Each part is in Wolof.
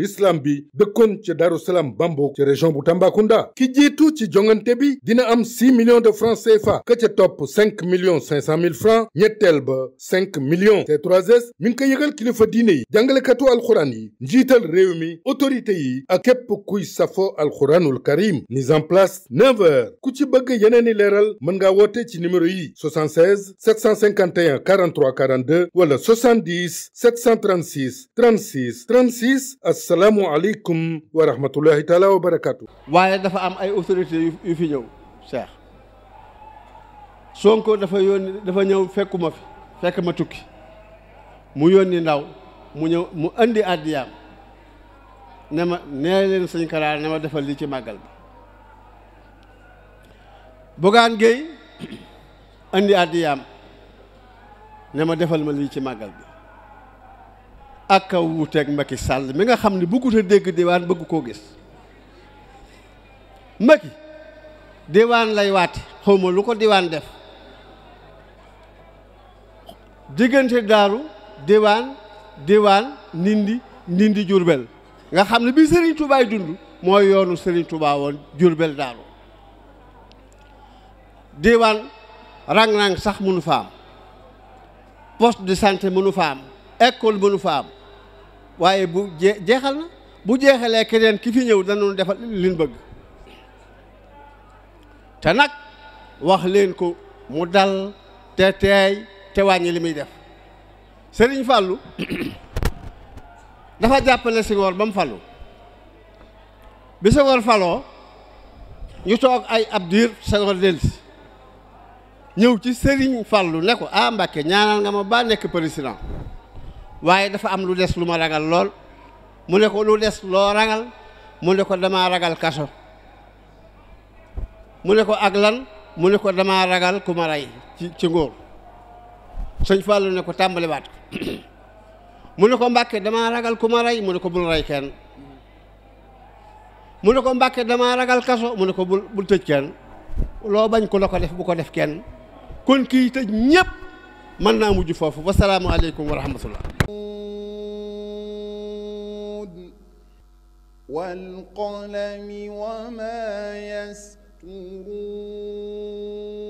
l'islam bi dëkkoon ci Daaru Salaam Bambo ca région bu Tambacounda ki jiitu ci jongante bi dina am 6 millions de francs CFA ka ca topp 5 millions 500 mille francs ñetteel ba 5 millions c 3 mi ngi ko kilifa diine yi jàngalekatu alxuraan yi njiital réew mi autorité yi ak képp kuy safo alxuraanul karim mise en place 9 heures ku ci bëgg yeneeni leeral mën ngaa woote ci numéro yi 76 751 43 42 wala 70 736 36 36 asalaamualeykum wa rahmatullahi taala wa barakaatu. waaye dafa am ay autorités yu fi ñëw Cheikh Sonko dafa yónni dafa ñëw ma fi fekk ma tukki mu yónni ndaw mu ñëw mu andi àddiyaam ne ma nee leen sëñ ne ma defal lii ci màggal bi Bougane Gueye andi àddiyaam ne ma defal ma lii ci màggal bi ak a wuuteeg Macky Sall mi nga xam ne bëggut a dégg diwaan bëgg koo gis Macky diwaan lay waate xawma lu ko diwaan def diggante daaru diwaan diwaan nindi nindi jurbel nga xam ne bi Serigne Touba dund mooy yoonu Serigne Touba woon jurbel daaru diwaan rang-rang sax mënu fa am di de santé mënu fa am école mënu fa waaye bu jeexal na bu jeexalee keneen ki fi ñëw danañu defal liñ bëgg te nag wax leen ko mu dal te teey te wàññi li muy def Sëriñ Fàllu dafa jàppale Senghor bam falu bi Senghor faloo ñu toog ay ab diir Senghor delsi ñëw ci Sëriñ Fàllu ne ko ah Mbàkke ñaanal nga ma ba nekk président waaye dafa am lu des lu ma ragal lool mu ne ko lu des loo ragal mu ne ko damaa ragal kaso mu ne ko ak lan mu ne ko damaa ragal ku ma ci ngóor sëñ Fallou ne ko tàmbaliwaat ko mu ne ko Mbàkke damaa ragal ku ma mu ne ko bul rey kenn mu ne ko Mbàkke damaa ragal kaso mu ne ko bul bul tëj kenn loo bañ ku la ko def bu ko def kenn kon kii tëj ñépp mën naa mujj foofu wasalaamualeykum aleykum rahmatullah والقلم وما يسطرون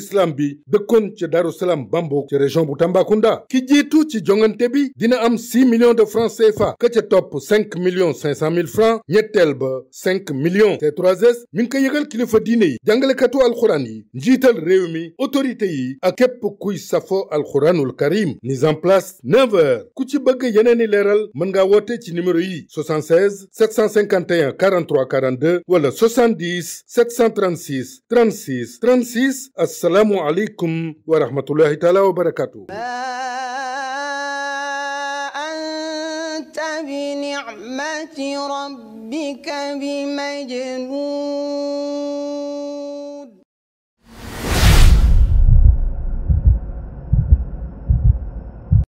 l'islam bi dëkkoon ca Daaru Salaam Bambouk ca région bu Tambacounda ki jiitu ci jongante bi dina am 6 million de francs CFA ka ca topp 5 millions 500 mille francs ñetteel ba 5 millions c 3 mi ngi ko yëgal kilifa diine yi jàngalekatu alxuraan yi njiital réew mi autorité yi ak képp kuy safo alxuraanul karim mise en place 9 ku ci bëgg yeneeni leeral mën ngaa woote ci numéro yi 76 751 43 42 wala 70 736 36 36 as asalaamu aleykum wa rahmatullahi taala wa barakaatu. bi ni'mati rabbika bi majnun